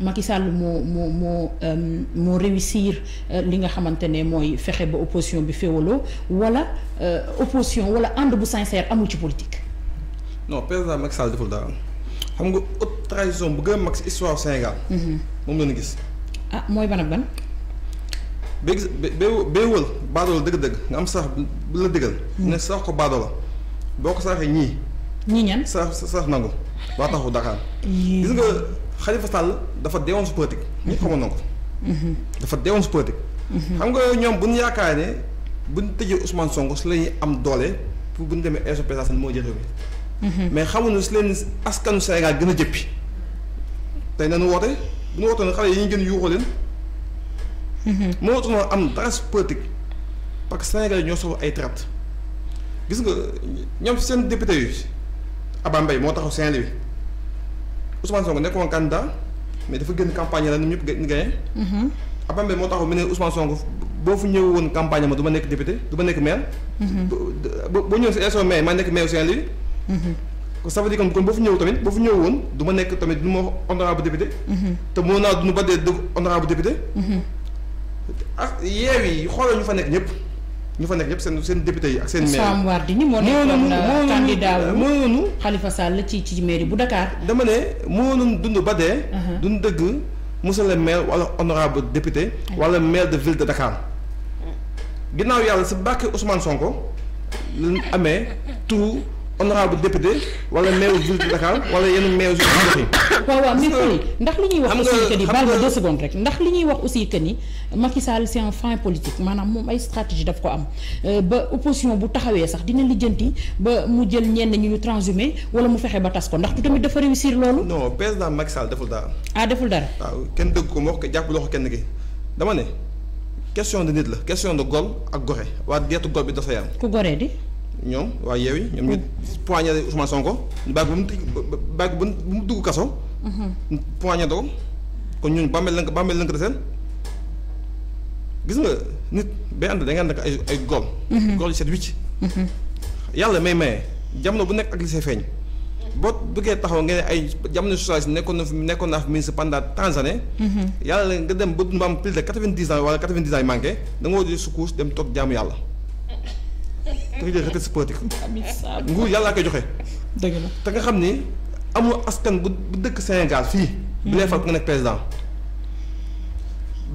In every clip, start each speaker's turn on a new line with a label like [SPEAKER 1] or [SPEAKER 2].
[SPEAKER 1] Macky Sall moo moo moo euh, moo réussir euh, li nga xamante ne mooy fexe ba opposition bi féewaloo wala euh, opposition wala ànd bu sincère amul ci politique.
[SPEAKER 2] non président Macky Sall deful dara xam nga haute trahison bu gën a mag ci histoire Sénégal. Mhm. moom la gis.
[SPEAKER 1] ah mooy ban ak ban.
[SPEAKER 2] ba gis ba wël baadoo dëgg-dëgg nga am sax bu la dëggal. Mhm. ne sax ko baadoo la boo ko saaxee ñii. ñii ñan sax sax nangu waa taxu Dakar. gis nga. Khalifa Sall dafa deewoon su politique. ñëpp xamoon na ko. dafa deewoon su politique. xam nga ñoom bu ñu yaakaar ne bu ñu tëjee Ousmane Sonko si la ñuy am doole pour bu ñu demee insopération moo jël réew mi. mais xamuñu si leen askanu Sénégal gën a jëppi. tey nañu woote bu ñu wootoon xale yi ñu gën yuuxoo leen. moo wootoon am dara si parce que Sénégal ñoo soxla ay traite gis nga ñoom seen député yu Abba Mbaye moo taxu Saint-Louis. Ousmane Sonko nekkoon candidat mais dafa gën campagne la ñoom ñëpp gën gagné. Mhm. Abambe moo taxaw mu ne Ousmane Sonko boo fu ñëw woon campagne ma du nekk député du nekk maire. Mhm. boo boo ñëw si élection maire ma nekk maire Saint-Louis. Mhm. ça veut dire que kon boo fu ñëw tamit boo fu ñëw woon du nekk tamit du ma honorable député. te mënoon naa du ñu ba dee honorable député. ah yeew yi xoolal ñu fa nekk ñëpp. ñu fa nekk yëpp seen seen député yi ak seen. maire Soham
[SPEAKER 1] Wardini moo nekkoon euh, candidat wu moo noonu Khalifa Sall ci ci mairie bu Dakar. dama ne
[SPEAKER 2] moo noonu dund ba dee. Uh-huh. dund dëgg monsieur le maire honorable député. wala maire de ville de Dakar. Mm. ginnaaw yàlla si bàkke Ousmane Sonko. lu amee tout. honorable député wala maire ville de Dakar wala yenn maire yi. waaw waaw mais Coly ndax
[SPEAKER 1] li ñuy wax aussi que ni baal ma deux secondes rek ndax li ñuy wax aussi que ni Macky Sall c'est un fin politique maanaam ay stratégie daf ko am euh, ba opposition bu taxawee sax dina lijjanti ba mu jël ñenn ñu ñu transhumé wala mu fexe ba tas ko ndax du
[SPEAKER 2] tamit dafa réussir loolu. no président Macky Sall deful dara. ah deful dara. waaw kenn dëgg ko mu wax ko jàpp kenn gi dama ne question de nit la question de gol ak gore waa deetu gol bi dafa yam ku goree di. ñoom waa yeewi ñoom ñu poignardé Ousmane Sonko bàyyi bu ba bàyyi bu mu dugg kaso. Mhm. poignardé ko kon ñun bàmmeel lënk bàmmeel lënk de seen gis nga nit bay ànd da nga ànd ak ay ay góor. Mhm. góor yu set wicc. Mhm. yàlla may maye jamono bu nekk ak li see feeñ. boo bëggee taxaw nga ne ay jamono socialiste nekkoon na fi nekkoon naa fi ministre pendant trente années. yàlla nga dem ba dund am plus de quatre vingt dix ans wala quatre vingt dix ans yu manqué da nga war di sukkuus dem toog yàlla.
[SPEAKER 3] da nga jël retraite politique.
[SPEAKER 2] koy joxe. dëgg te nga xam ni amul askan bu dëkk Sénégal fii. bu lay fal ku nga nekk président.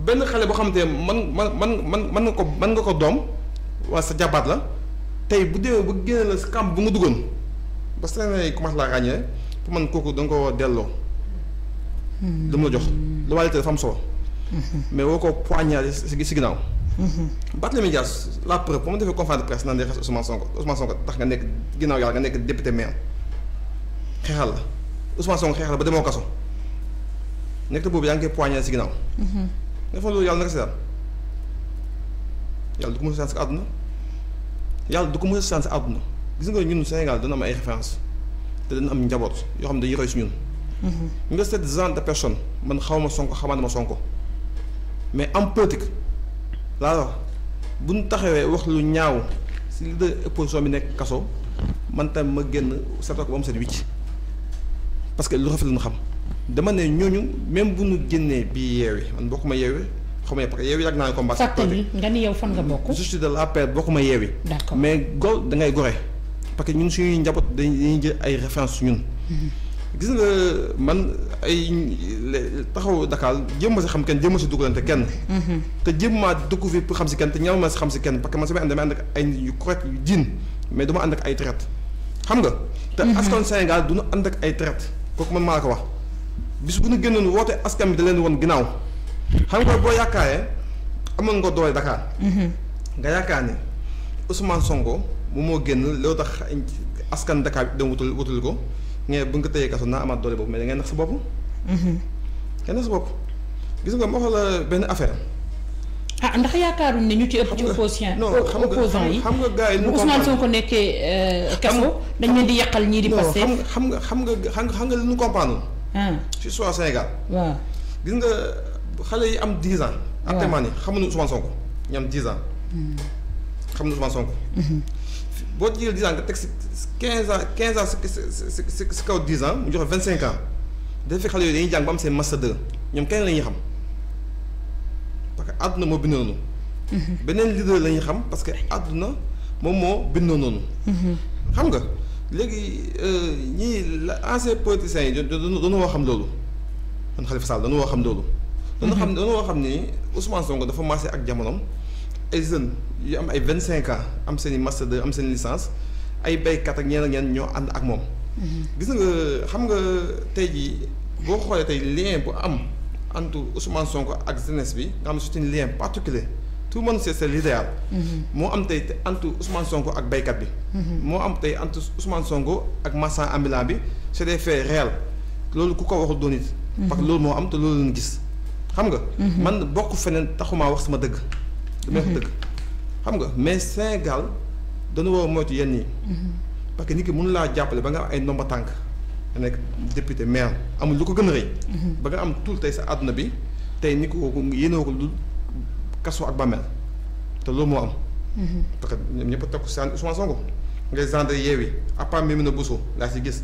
[SPEAKER 2] benn xale boo xamante ne man man man man man nga ko man nga ko doom wala sa jabaat la tey bu demee ba génne la si bu nga duggoon ba Sénégal yi commencé laa ràññee pour man kooku da ko delloo.
[SPEAKER 3] Hmm. lu mu la jox
[SPEAKER 2] lu wàllu dafa am solo. Hmm. mais woo ko poignarder si si ginnaaw. Mm-hmm. Barthélémy Dias la preuve ba mu defee conférence de presse naan day xas Ousmane Sonko Ousmane Sonko tax nga nekk ginnaaw yàlla nga nekk député maire xeexal la Ousmane Sonko xeexal ba demoo kaso nekk boobu si ginnaaw. Mm-hmm. nga fa loolu yàlla naka si daal yàlla du ko mos a si àdduna a gis nga ñun Sénégal dana am ay référence te dana am njaboot yoo xam ne dañuy si ñun. Mm-hmm. nga seet genre de personne man xaw ma Sonko xamaa na ma Sonko mais am politique. alors bu ñu taxawee wax lu ñaaw si li de opposition bi nekk kaso man tam ma génn seetal ko ba mu set wicc parce que lu rafet lu ñu xam dama ne ñooñu même bu ñu génnee bii yeewee man bokkuma yeewee xaw ma parce que yeewee yàgg naa ne combat. fàttali
[SPEAKER 1] nga ni yow fan nga bokk.
[SPEAKER 2] je la de l'APR bokkuma yeewee. d'accord mais góor dangay ngay gore parce que ñun suñuy njaboot dañuy jël ay références ñun. Mhm. gis nga man ay taxaw Dakar jéem ma si xam kenn jéem ma si dugalante kenn. Mm-hmm. te jéem maa découvrir pour xam si kenn te ñaaw ma si xam si kenn parce que man samay ànd damay ànd ak ay nit yu correct yu diin mais duma ànd ak ay traite xam nga. te mm-hmm. askan Sénégal du ñu ànd ak ay traite kooku man maa la ko wax. bis bu ñu génnoon woote askan bi da leen woon ginnaaw xam nga boo yaakaaree amoon nga doole Dakar. Mm-hmm. nga yaakaar ne Ousmane Sonko moom moo génn loo tax askan Dakar bi dem wutul ko. nga bu nga ko tëyee kaso naa amaat doole boobu mais da nax sa bopp. Mhm. nga nax sa bopp gis nga ma wax la benn affaire.
[SPEAKER 1] ah ndax yaakaaruñ ne ñu ci ëpp ci opposition opposant yi xam nga gars yi bu Ousmane Sonko nekkee euh, kaso dañ di yàqal ñii di passé
[SPEAKER 2] xam nga xam nga xam nga xam nga li ñu comprendre si ah. soit Sénégal waaw gis nga xale yi am dix ans actuellement nii xamuñu Ousmane Sonko ñu am dix ans hmm. xamuñu Ousmane Sonko mhm. boo jëlee dix ans nga teg si quinze ans quinze ans si si si kaw dix ans mu joxe vingt cinq ans dafa fekk xale yooyu dañuy jàng ba am seen master deux ñoom kenn la ñuy xam parce que àdduna moo bind noonu. Mhm. beneen la ñuy xam parce que àdduna moom moo bind noonu. Mhm. xam nga léegi euh, ñii la ancien politiciens yi dañu dañoo xam loolu man Khalifa Sall dañoo xam loolu. dañoo xam mhm. dañoo xam ni Ousmane Sonko dafa maase ak jamonoom. ay jeunes yu am ay vingt cinq ans am seen i master deux am seen i licence ay béykat ak ñeneen ak ñeneen ñoo ànd ak moom. Mhm. gis nga xam nga tey boo xoolee tey lien bu am entre Ousmane Sonko ak jeunesse bi nga xam ne c'est un lien particulier tout le monde sait c'est l'idéal. Mhm. moo am tey entre Ousmane Sonko ak béykat bi.
[SPEAKER 3] Mhm. moo am
[SPEAKER 2] tey entre Ousmane Sonko ak marchand ambulant bi c'est des faits réels loolu ku ko waxul doon it. parce loolu moo am te loolu lañu gis xam nga. man bokk feneen taxumaa wax sama dëgg. du may wax dëgg xam nga mais Sénégal dañu war a moytu yenn yi mm-hmm. parce que nit ki mënu laa jàppale ba nga am ay ndomba tànk nga nekk député maire amul lu ko gën a rëy mm-hmm. ba nga am tuul tey sa àdduna bi tey ni ko yéenoo ko lu kaso ak bàmmeel te loolu moo am mm-hmm. parce que ñëpp a takku Ousmane Sonko ngay gendre yeewi à part Mimina Bousso laa si gis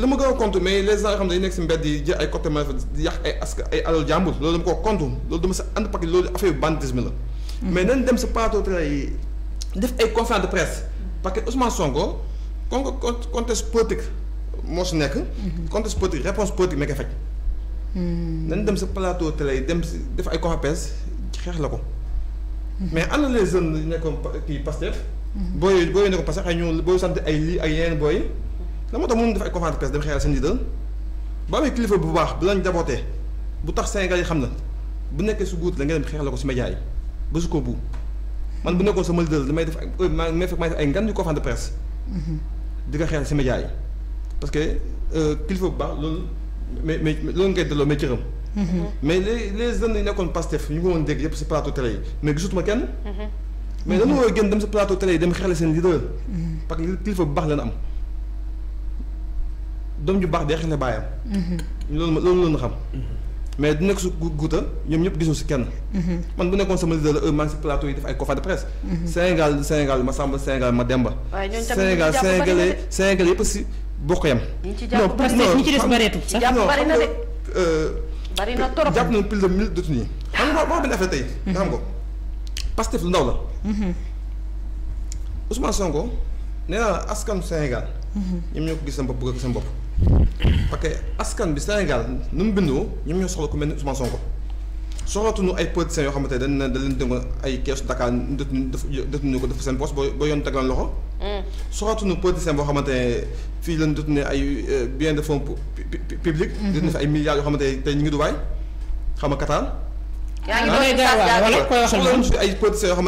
[SPEAKER 2] li ma gën a compte mais les a xam ne dañu nekk si mbedd yi jël ay côté ma di yàq ay ask ay alal jàmbur loolu dama ko compte loolu dama sa la mais nañ dem sa plateau télé def ay conférence de presse parce que Ousmane Sonko kon ko contexte moo si nekk contexte politique réponse politique nekk faj
[SPEAKER 3] nañ sa
[SPEAKER 2] plateau dem si def ay conférence xeex la ko mais ana les jeunes yi nekkoon kii Pastef booy booy nekkoon Pastef xëy ñu booy sant ay lii ak yeneen booy la moo tax mënuñu bu baax bu lañ jabootee bu tax Sénégal yi na bu nekkee su guut la nga dem la ko si média ba ko bu man bu nekkoon sama leader damay def ay euh, may fekk may def ay ngan yu conférence de presse mhm. di ko xeeral si média yi euh, kilifa bu baax loolu mais mais loolu ngay delloo mais cëram mhm. mais les les jeunes yi nekkoon Pastef ñu ngi woon dégg yëpp si plateau télé yi mais gisutuma kenn
[SPEAKER 3] mhm. mais dama wooy
[SPEAKER 2] gën dem si plateau télé yi dem xeexle seen leader parce que kilifa bu baax leen am doom ju baax day xëy na bàyyam. Mhm. loolu loolu la xam. Mhm. mais du nekk su guuta ñoom ñëpp gisoo si kenn. Mhm. man bu nekkoon sama leader la heure ay conférence de presse. Sénégal Sénégal ma Samba Sénégal ma Demba. waaye
[SPEAKER 3] ñooñu tamit Sénégal Sénégalais
[SPEAKER 2] Sénégalais yëpp si bokk yam.
[SPEAKER 3] jàpp parce que de
[SPEAKER 2] euh, bari na trop jàpp de mille détenus xam nga boo benn affaire tey. nga xam ko Pastef lu ndaw la. Ousmane Sonko nee naa la askanu Sénégal. ñoom ñoo ko gis seen bopp bëgg ak seen bopp. parce que askan bi Sénégal nu mu bindoo ñoom ñoo soxla ku mel ni Ousmane Sonko soxlatuñu ay politiciens yoo xamante ne dañ ne leen dénkoon ay keesu Dakar def defuñu ko def seen poste ba ba yoon teg leen loxo. Mm. soxlatuñu politicien boo xamante ne fii lañ def ne ay euh, bien de fonds public. Mm-hmm. def na fi ay milliards yoo xamante ne tey ñu ngi Dubaï xam nga Qatar.
[SPEAKER 3] yaa ngi ah, doon di sax wala
[SPEAKER 2] ay producteurs yoo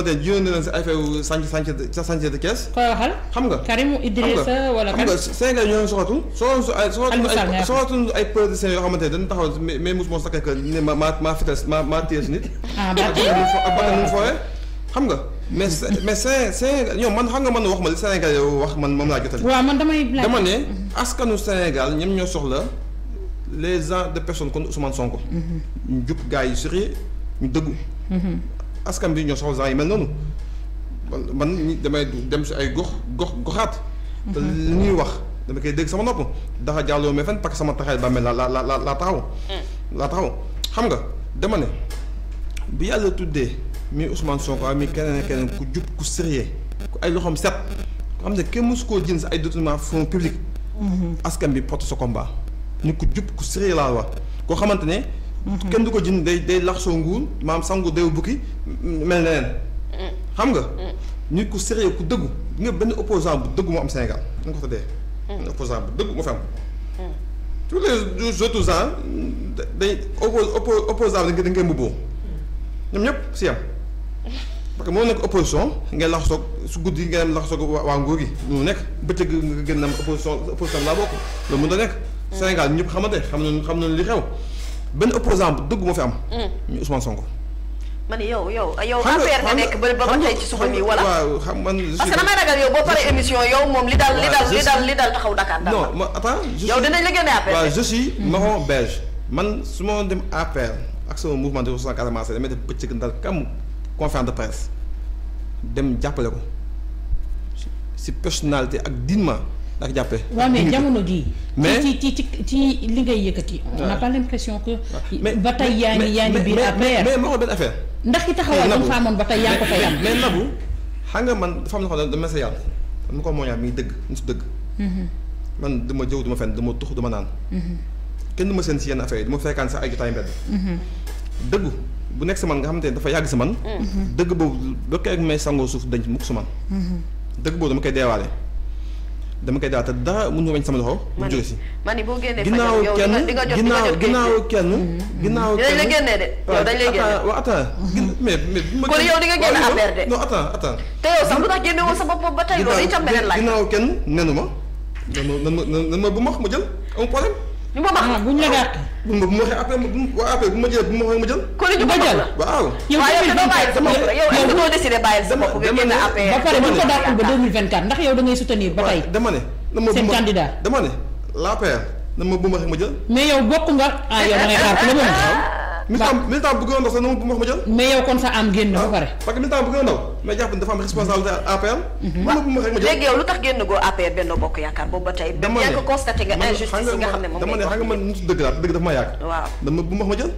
[SPEAKER 2] ay fayu sànq sànq sànq de kees. koy waxal xam nga. Karim Idrissa wala kan xam nga Sénégal ñoo ay producteurs yoo xamante ne dañu taxaw mais xam nga. mais mais Séné ñoom man xam nga man wax ma li senegal yow wax man moom laa jotal. a man damay dama ne askanu senegal ñoom ñoo soxla les gens de personnes comme Ousmane Sonko.
[SPEAKER 3] Mhm.
[SPEAKER 2] jub gars yi sérieux ñu dëggu. Mhm. askan bi ñoo soxla genre yi mel noonu man man damay dem si ay gox gox goxaat.
[SPEAKER 3] te mhm. ñuy
[SPEAKER 2] wax dama koy dégg sama nopp daxa jàlloo mais fan parce que sama taxawaay ba mel la la la laa taxaw. Mm. laa taxaw xam nga dama ne bi yàlla tuddee mi Ousmane Sonko mi keneen ak keneen ku jub ku sérieux ku ay loxoom set ku xam ne kenn mësu koo jënd si ay détournement fonds publics. Mhm. askan bi porte sa combat. ñu ko jub ku sérieux laa wax koo xamante ne. Mm-hmm. kenn du ko jënd day day lax soo nguur maam sangu dew bukki mel na leen
[SPEAKER 3] mm-hmm. xam nga mm-hmm.
[SPEAKER 2] nit ko sérieux ku dëggu nga benn opposant dëggu moo am Sénégal na ko tuddee benn opposant bu am tous les autres gens day oppo opposant da ngay mbubboo ñoom ñëpp si am que moo nekk opposition ngay lax soog su guddi yi lax soog waa nguur gi lu nekk bëccëg nga gën a am opposition opposition laa bokk loolu mën da nekk Sénégal ñëpp xamante xam nañu xam nañu li xew benn opposant bu dëgg moo fi am. Mm. muy Ousmane Sonko.
[SPEAKER 1] man yow yow yow affaire nga nekk ba ba tey ci suba bi wala.
[SPEAKER 2] xam man parce damay ragal yow boo paree émission yow moom li dal li dal li dal
[SPEAKER 1] li dal taxaw Dakar. daal
[SPEAKER 2] non ma attends yow mm. man su ma dem APR ak sama mouvement de ressources Casamance damay def bëccëg ndar kam conférence de dem jàppale ko si personnalité ak dignement ak jàppee. waaw mais jamono jii. mais ci
[SPEAKER 1] ci ci ci li ngay yëkkati. on n'a pas l'impression que. ba tey yaa ngi yaa ngi biir affaire mais mais mais mais ma xool benn affaire. ndax ki taxawaay ba mu faa amoon ba tey yaa ngi ko tey
[SPEAKER 2] am. mais nabu xam nga man dafa am loo xam ne dama sa yàlla dama ko mooñaat mi dëgg ñu si dëgg. Mhm. man duma jëw tux duma naan. Mhm. kenn du seen si yenn affaire yi du fekkaan sax ay jotaay mbedd. Mhm. dëggu bu nekk si man nga xamante dafa yàgg si man. dëgg boobu ba keroog may sangoo suuf denc mukk si man. dëgg boobu dama koy deewaale dama koy daal te dara mënu ma bañ sama loxo. mu jóge si
[SPEAKER 3] man boo génnee fajal yow
[SPEAKER 2] di nga jot ginnaaw ginnaaw kenn. Mm-hmm. ginnaaw kenn dañ la génnee de. yow dañ lay génne waaw attends mm-hmm. mais kon yow di nga génne affaire de. non attends attends.
[SPEAKER 1] te yow sax lu tax génne woon sa bopp ba tey loolu itam beneen laaj. ginnaaw
[SPEAKER 2] kenn nenu ma. nan ma na na bu ma wax ma jël amul problème. Ah, ñu ma baax buñ bu ma bu ma waxee après bu ma jël bu ma waxee ma jël. kon ñu ma jël ba pare buñ ko dàqul ba
[SPEAKER 1] 2024 ndax yow
[SPEAKER 2] da ngay soutenir ba tey. dama ne. seen candidat dama ne. la paire na ma bu ma waxee ma jël. mais yow bokk nga ah yow da xaar ku la mën militant militant bu gën a ndaw sax na ma ma jël. mais yow kon sa am génn ba ah, pare. parce que militant bu gën a ndaw mais jàpp dafa am responsabilité APR. ma mhm. ma jël léegi yow lu
[SPEAKER 1] tax génn goo APR Benno Bokk Yaakaar boobu ba tey. dama ne yaa ngi nga injustice yi nga xam ne moom dama ne xam nga
[SPEAKER 2] man nitu dëgg laa dëgg dafa ma yàgg. waaw dama bu ma jël.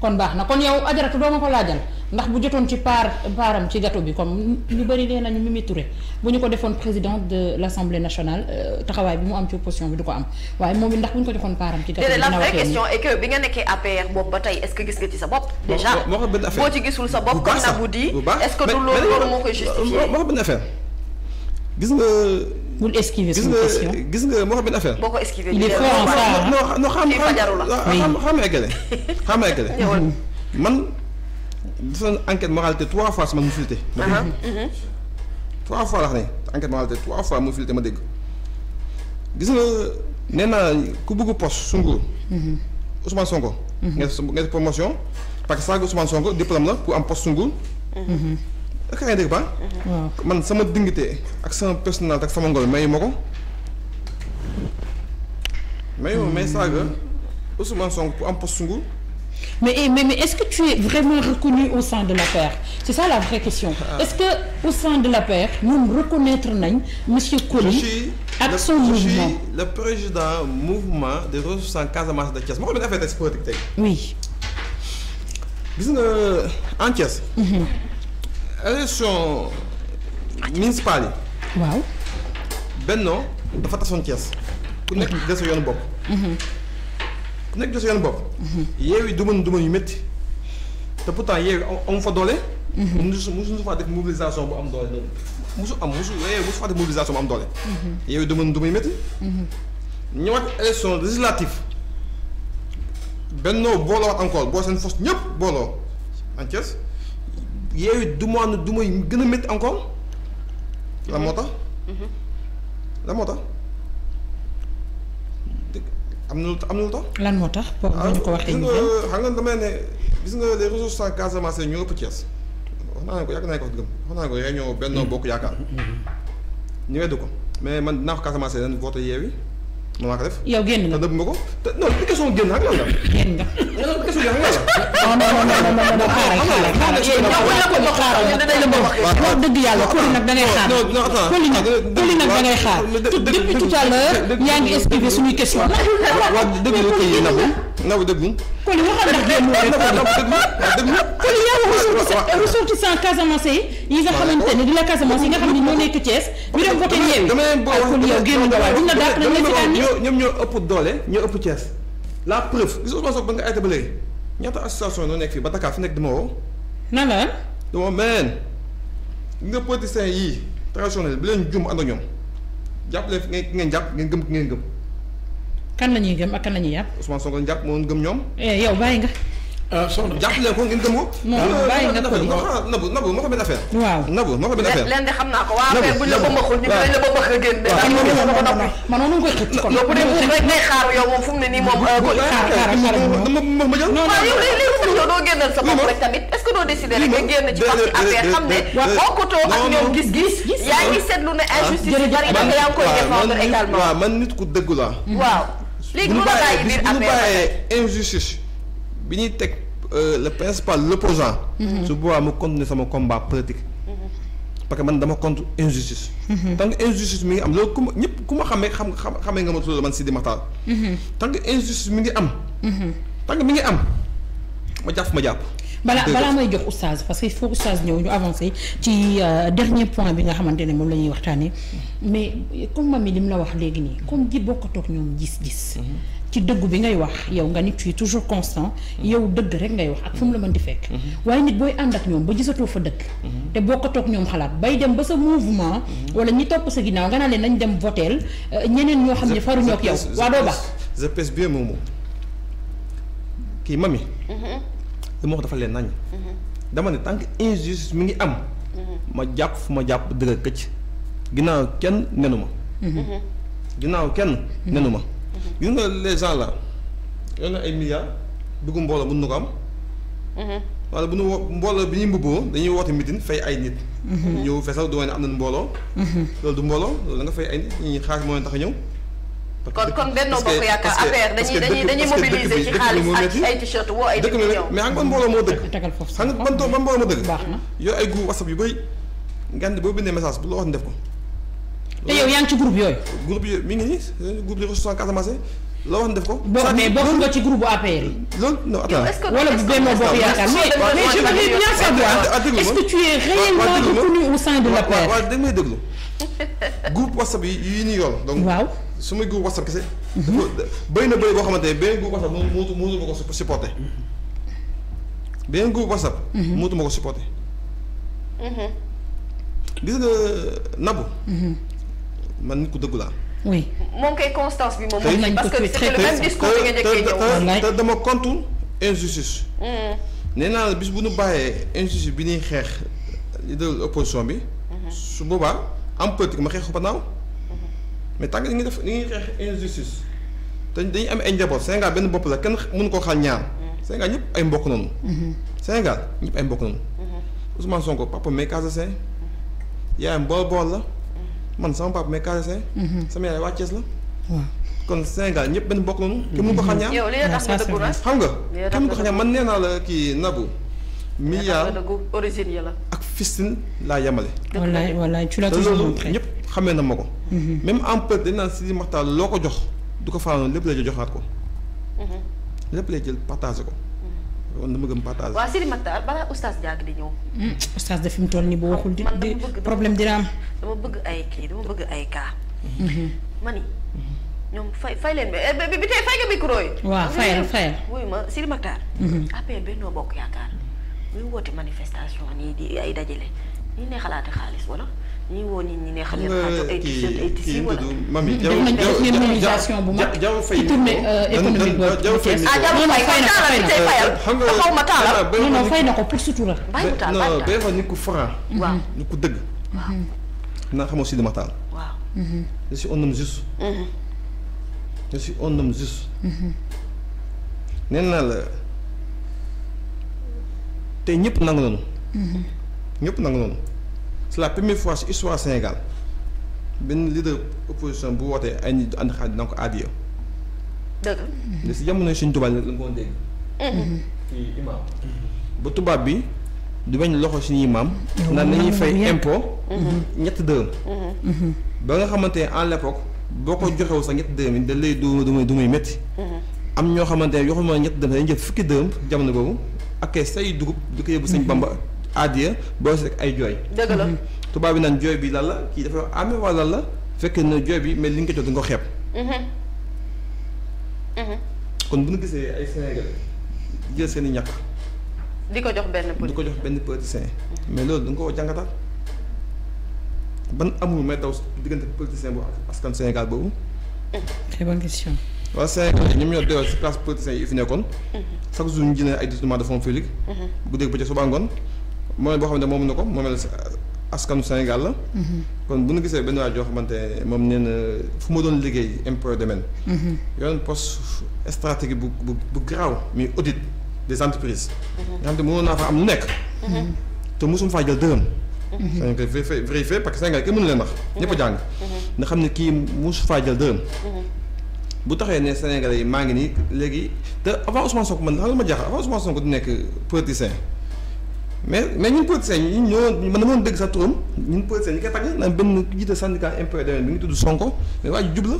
[SPEAKER 1] kon baax na kon yaw ajaratu doo ma ko laajal ndax bu jotoon ci paar paaram ci gâteau bi comme ñu bëri nee nañu Mimi Touré bu ñu ko defoon président de l'Assemblée nationale euh, taxawaay bi mu am ci opposition bi du ko am waaye moom it ndax bu ñu ko joxoon paaram ci gâteau bi la vraie nga nekkee APR boobu ba tey est que gis nga ci sa bopp déjà boo ci gisul sa bopp moo koy justifier
[SPEAKER 2] affaire gis nga bul esquiver suñu question gis nga gis nga moo xam benn affaire.
[SPEAKER 1] boo ko esquiver il est fort en ça non non xam
[SPEAKER 2] xam xam eggale xam eggale man defoon enquête moralité trois fois sama mu filté uh-huh, ma dégg uh-huh. ne enquête moralité trois fois mu gis nga nee ku bëgg poste su uh-huh. nguur Ousmane Sonko
[SPEAKER 3] nga
[SPEAKER 2] def promotion parce que saaga Ousmane Sonko diplôme la ku am poste su nguur est man sama dignité ak sama personnalité ak sama ngor mayu ma ko. mayu ma may saaga
[SPEAKER 1] Ousmane Sonko pour am poste su nguur. Eh, mais est-ce que tu es vraiment reconnu au sein de l'APR c'est ça la vraie question. Ah. est-ce que au sein de l'APR ñun reconnaître nañ monsieur Coly ak son mouvement je suis
[SPEAKER 2] le président mouvement des ressources Casamance de Thiès ma xam ne affaire politique tey. oui. gis nga en Thiès. Mhm. élection municipale yi. waaw. Benno dafa tasoon Thiès. ku nekk des sa yoon bopp. Mhm. ku nekk des sa yoon bopp. Mhm. yeewi duman duman yu métti te pourtant yeewi am fa doole. Mhm. musu musu faa def mobilisation bu am doole noonu musu am musu yeewi musu faa def mobilisation bu am doole. yeewi duman duman yu métti. ñëwaat élection législative Benno booloo encore boo seen fos ñëpp booloo en yeewi du ma du ma gën a métti encore la moo tax. Mhm. la moo tax am na lu am na tax.
[SPEAKER 1] lan moo tax pour ñu ko waxee. ñu ah,
[SPEAKER 2] xam nga damay ne gis nga les ressources en Casamance ñoo ëpp Thiès wax naa ne ko yàgg naa ko wax dëgg wax ko réunion Benno Bokk Yaakaar mhm. ñu weddu ko mais man dinaa ko Casamance dañu voté yeewi. ma maa ko def. yow génn nga dëgg nga ko te non bi question génn ak yow la. génn nga.
[SPEAKER 3] non question génn ak yow la. non non non non non non xaaral xaaral
[SPEAKER 2] xaaral yow wala ko xaaral nag tey la moom wax dëgg yàlla kóoli nag da ngay xaar. non non attends kóoli nag
[SPEAKER 1] kóoli nag da ngay xaar.
[SPEAKER 2] depuis tout à l'heure yaa ngi expliqué suñuy question. waaw dëgg la kay yéen a Ndaw déglu.
[SPEAKER 1] Coly waxoon ndax déglu Coly ressortissant Casamance yi nga xamante ne di la Casamance yi nga xam ne ñoo nekk Thiès. ñu dem voté Yewwi ak Coly ah, yow génn nga waay buñ la dàq nañ la ci daan
[SPEAKER 2] ñoom ñoo ëpp doole ñoo ëpp Thiès la preuve gis nga ba nga ayta ba léegi ñaata association noo nekk fii ba Dakar fi nekk dama woo. na la. dama meen nga politiciens yii traditionnel bi leen jum ànd ak ñoom jàppale fi ngeen ngeen jàpp ngeen gëm ngeen gëm
[SPEAKER 1] kan la gëm ak kan la yàpp.
[SPEAKER 2] Ousmane Sonko ñu jàpp moo gëm ñoom. yow bàyyi ko ngeen gëm ko. moom bàyyi nga ko nabu nabu moo ko benn affaire. waaw nabu moo ko benn affaire. lenn
[SPEAKER 1] ko waaw affaire buñ la ko ko
[SPEAKER 2] bëgg a
[SPEAKER 3] waaw léegi bu ñu bàyyee bis bi ñu bàyyee
[SPEAKER 2] injustice bi ñuy teg euh, le principal l'opposant mhm. su boobaa mu continuer sama combat politique. Mhm. parce que man dama contre injustice. Mhm. tant que injustice mi ngi am loolu ku ma ñëpp ku ma xamee xam xam xamee nga ma tudd man Sidi Makhtar. tant que injustice mi ngi
[SPEAKER 1] am. tant que mi ngi am ma jàpp ma jàpp. balaa balaa may jox oustaz parce que il faut oustaz ñëw ñu avancer ci dernier point bi nga xamante ne moom la ñuy waxtaanee mais comme mami li mu la wax léegi nii comme ji bokkatook ñoom gis-gis. ci dëgg bi ngay wax yow nga nit fii toujours constant. yow dëgg rek ngay wax ak fu la mën di fekk. waaye nit booy ànd ak ñoom ba gisatoo fa dëgg. te bokkatoog ñoom xalaat bay dem ba sa mouvement. wala ñi topp sa ginnaaw nga naa leen nañ dem voteel ñeneen ñoo xam ne faruñoo ak yow. waa doo baax
[SPEAKER 2] je li ma wax dafa leen nañ mm-hmm. dama ne tant que injustice mi ngi am
[SPEAKER 3] mm-hmm.
[SPEAKER 2] ma jàpp fu ma jàpp dëgg këcc ginnaaw kenn nenu ma mm-hmm. ginnaaw kenn nenu ma gis nga les gens là yoon na ay milliards dugg mbooloo mën na ko am wala bu ñu wo mbooloo bi ñuy mbubboo dañuy woote meeting fay ay nit ñëw fesal du wane ne am nañ mbooloo loolu du mbooloo loolu da fay ay nit ñi xaar moo leen tax ñëw
[SPEAKER 1] kon kon Benno Bokk Yaakaar affaire dañuy dañuy dañuy mobiliser ci xaalis ak ay t-shirt woo ay. dëkk bi
[SPEAKER 2] dëgg. tegal dëgg. baax na yow ay yu bëri nga ne boo bindee message bu la wax ni def ko. te ci groupe yooyu. groupe yooyu mi ngi nii groupe de ko. boo mais bokk nga ci
[SPEAKER 1] groupe bu APR yi. loolu non attends wala Benno Bokk Yaakaar mais mais je voulais
[SPEAKER 2] bien savoir est-ce waaw su may guub WhatsApp kese. bëri na bëri boo xamante ne benn guub WhatsApp mënatu mënatuma ko supporter. benn guub WhatsApp. mënatuma ko supporter. gis nga Nabou. man nit ku dëggu laa. oui
[SPEAKER 1] moom kay constance bi moom. moom parce que c'était le même discours bi nga njëkkee
[SPEAKER 2] ñëw te dama contre injustice. Mm. nee naa la bu nu bàyyee injustice bi nuy xeex li dal opposition bi. Mm-hmm. su boobaa am politique ma xeexu ba naaw. mais tant que dañuy def dañuy xeex injustice te dañuy am ay njaboot Sénégal benn bopp la kenn mun koo xal ñaar. Sénégal ñëpp ay mbokk noonu. Sénégal ñëpp ay mbokk noonu. Ousmane Sonko papa may Casasin. yaayam bool la. kon Sénégal ñëpp benn mbokk noonu. kenn mënu ko xal ñaar xam nga kenn mënu ko xal ñaar man nee naa la kii Nabou. milliard
[SPEAKER 1] origine ya ak
[SPEAKER 2] Fistine laa yemale.
[SPEAKER 1] wallaay wallaay tu l'as toujours montré
[SPEAKER 2] xame na ma ko. même en peu dañ naan loo ko jox du ko faanoon lépp lay joxaat ko. lépp lay jël partagé ko. kon dama gëm partagé. waaw
[SPEAKER 1] Sidi balaa oustaz Diack di ñëw. Hmm, oustaz de fi mu toll nii bu waxul di di problème dina am. dama bëgg ay kii dama bëgg ay cas. Hmm. ma ñoom fay fay leen ba eh, bi tey fay nga micro yi. waaw fayal fayal. wuyu ma Sidi Maxtaar. Hmm. APR Benno Bokk Yaakaar muy woote manifestation nii di ay dajale nii ne xalaate xaalis wala. ñi ngi woon ñi bu mag jaw fay ci tournée euh, économique boobu jaw fay ah jaw fay na ko fay pour sutura bay
[SPEAKER 2] fa nit ku franc nit ku dëgg naa xam aussi dama taal
[SPEAKER 3] waaw mhm.
[SPEAKER 2] mhm. mhm. naa la tey ñëpp nangu nañu ñëpp nangu nañu c'est la première fois ci histoire Sénégal benn leader opposition bu wootee ay nit ànd xaar dina ko adiya. suñ tubaab la ba tubaab bi du bañ loxo suñuy maam. naan nañuy fay impôt. Mhm. ñetti dërëm. Mhm. ba nga xamante ne en l'époque boo ko joxewul sax ñetti dërëm yi da lay du du muy métti. Mhm. am ñoo xamante ne yoo xam ne ñetti dërëm dañuy jël fukki dërëm jamono boobu ak say dugub di ko yóbbu sëñ Bamba. adiya boo si rek ay jooy. dëgg la tubaab bi naan jooy bi lan la kii dafa amee wala la fekk na jooy bi mais li nga ko jot nga ko xeeb.
[SPEAKER 1] Mhm. Mhm.
[SPEAKER 2] kon bu ñu gisee ay Sénégalais jël seen i ñàkk.
[SPEAKER 1] di ko jox benn politicien di
[SPEAKER 2] ko jox benn politicien mhm. mais loolu da nga koo jàngatal ban amul may daw diggante politicien bu askan Sénégal boobu.
[SPEAKER 1] très bonne question.
[SPEAKER 2] waa Sénégal ñoom ñoo doyoo si place politiciens yi fi nekkoon. chaque jour ñu jëlee ay détournement de fonds bu dégg ba ca suba moomeel boo xam ne moom na ko moomeel askanu Sénégal la. Mhm. kon bu nu gisee benn waay joo xamante moom nee na fu ma doon liggéey impôt domaine. Mhm. yoon poste bu bu bu garaaw muy audit des entreprises. Mhm. nga xam naa am nekk. te mosum faa jël dërëm. dañ koy a jàng. nga ne kii mosu faa jël dërëm. bu taxee ne sénégal yi maa ngi nii léegi te avant Ousmane Sonko man xam la ma jaaxal avant Ousmane Sonko du nekk politicien. mais mais ñun politiciens yi ñu ñëwoon man dama doon dégg sa turam ñun politiciens ñu koy tàgg naan benn ku jiite syndicat impôt e domaine bi ngi tudd Sonko mais waa ji jub la.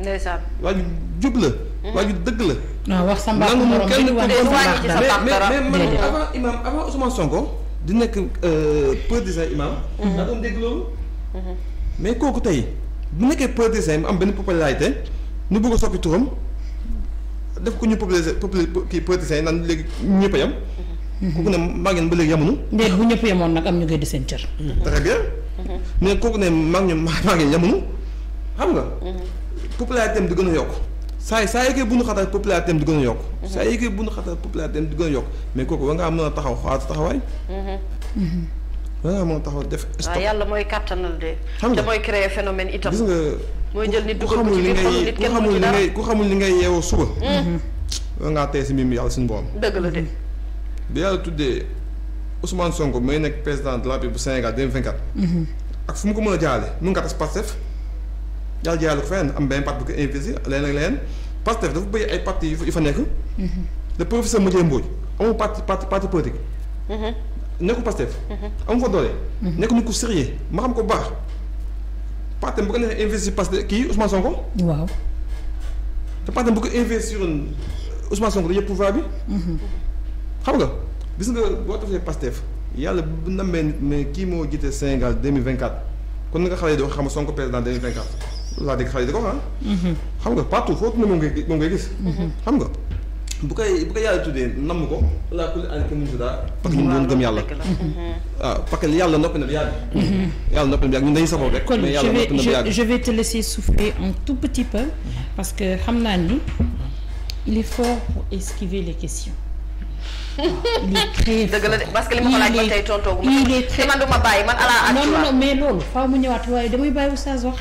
[SPEAKER 2] ndeysaan waa ji jub la. Hmm. waa ji dëgg
[SPEAKER 1] la. wax sa mbaax dara nangu kenn ku mais mais man avant
[SPEAKER 2] imam avant Ousmane Sonko di nekk euh, politicien imam. daa
[SPEAKER 1] hmm. doon dégg loolu. Hmm.
[SPEAKER 2] mais kooku tey bu nekkee politicien mu am benn popularité ñu bëgg a soppi turam def ko ñu populariser popul kii politiciens yi naan léegi ñëpp a yem. kooku ne maa ngeen ba léegi yamuñu.
[SPEAKER 1] déet bu ñëpp yemoon nag am ñu gëdd seen cër.
[SPEAKER 3] très bien.
[SPEAKER 2] mais kooku ne maa ngi maa ngeen yamuñu xam nga. popularité am di gën a yokk saa yi saa yi koy bu gën a yokk. saa yi koy bu am di gën a a taxaw taxawaay. war ngaa mën a taxaw def. stock
[SPEAKER 1] waaw ku xamul li ngay
[SPEAKER 2] ku xamul li ngay yeewoo suba. Mm-hmm. war ngaa tey si mbir yàlla suñu borom. dëgg la de. bi yàlla tuddee Ousmane Sonko may nekk président de la République bu Sénégal 2024. Mhm. ak fu mu ko mën a jaale mun nga tas Pastef yàlla jaale ko feneen am benn parti bu ko investir leneen ak leneen Pastef dafa bëri ay parti yu fa nekk. Mhm. le professeur Madiaye Mbodj amul parti parti parti politique. Mhm. nekkul Pastef. amu fa doole. nekk nit ku sérieux ma xam ko bu baax. parti bu ko neexee investir Pastef kii Ousmane Sonko. waaw te parti bu ko investir Ousmane Sonko dañuy pouvoir bi. xam nga gis nga boo tafee Pastef yàlla bu nammee nit mais kii moo jiite Sénégal 2024 kon na nga xale yi doo xam Sonko président 2024 laa dégg xale yi di ko wax ah. mhm. xam nga partout foofu na moom ngay moom ngay gis mhm. xam nga bu koy bu ko yàlla tuddee namm ko laa kulli ànd kenn mënu daa parce que ñun doon gëm yàlla
[SPEAKER 3] waaw
[SPEAKER 1] mhm.
[SPEAKER 2] ah, parce que yàlla noppi na bi yàgg yàlla noppi na bi yàgg ñun dañuy safoo rek mais yàlla noppi na bi yàgg je
[SPEAKER 1] vais te laisser souffler un tout petit peu parce que xam naa ni il est fort pour esquiver les questions il est très fort dëgg la de parce que li ma ko laaj ba tey tontoo gu ma. il est très man du bàyyi man à la. non non mais loolu faaw mu ñëwaat waaye damay bàyyi oustaz wax.